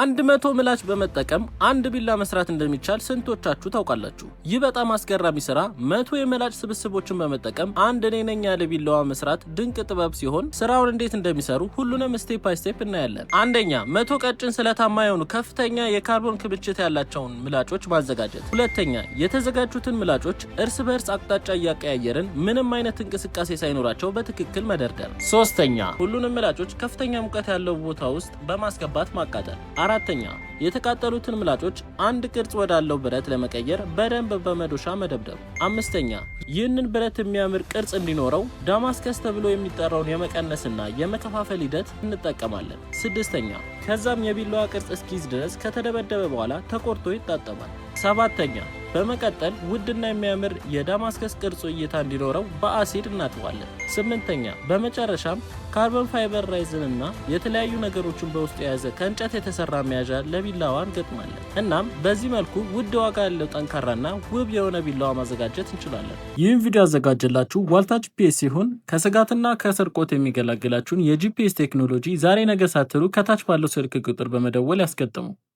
አንድ መቶ ምላጭ በመጠቀም አንድ ቢላ መስራት እንደሚቻል ስንቶቻችሁ ታውቃላችሁ? ይህ በጣም አስገራሚ ስራ መቶ የምላጭ ስብስቦችን በመጠቀም አንድ እኔ ነኝ ያለ ቢላዋ መስራት ድንቅ ጥበብ ሲሆን ስራውን እንዴት እንደሚሰሩ ሁሉንም ስቴፕ ባይ ስቴፕ እናያለን። አንደኛ መቶ ቀጭን ስለታማ የሆኑ ከፍተኛ የካርቦን ክምችት ያላቸውን ምላጮች ማዘጋጀት። ሁለተኛ የተዘጋጁትን ምላጮች እርስ በእርስ አቅጣጫ እያቀያየርን ምንም አይነት እንቅስቃሴ ሳይኖራቸው በትክክል መደርደር። ሶስተኛ ሁሉንም ምላጮች ከፍተኛ ሙቀት ያለው ቦታ ውስጥ በማስገባት ማቃጠል። አራተኛ የተቃጠሉትን ምላጮች አንድ ቅርጽ ወዳለው ብረት ለመቀየር በደንብ በመዶሻ መደብደብ። አምስተኛ ይህንን ብረት የሚያምር ቅርጽ እንዲኖረው ዳማስከስ ተብሎ የሚጠራውን የመቀነስና የመከፋፈል ሂደት እንጠቀማለን። ስድስተኛ ከዛም የቢላዋ ቅርጽ እስኪይዝ ድረስ ከተደበደበ በኋላ ተቆርጦ ይታጠባል። ሰባተኛ በመቀጠል ውድና የሚያምር የዳማስከስ ቅርጹ እይታ እንዲኖረው በአሲድ እናጥቧለን። ስምንተኛ በመጨረሻም ካርበን ፋይበር እና የተለያዩ ነገሮችን በውስጡ የያዘ ከእንጨት የተሰራ መያዣ ለቢላዋ እንገጥማለን። እናም በዚህ መልኩ ውድ ዋጋ ያለው ጠንካራና ውብ የሆነ ቢላዋ ማዘጋጀት እንችላለን። ይህም ቪዲዮ ያዘጋጀላችሁ ዋልታ ጂፒኤስ ሲሆን ከስጋትና ከስርቆት የሚገላግላችሁን የጂፒኤስ ቴክኖሎጂ ዛሬ ነገ ሳትሉ ከታች ባለው ስልክ ቁጥር በመደወል ያስገጥሙ።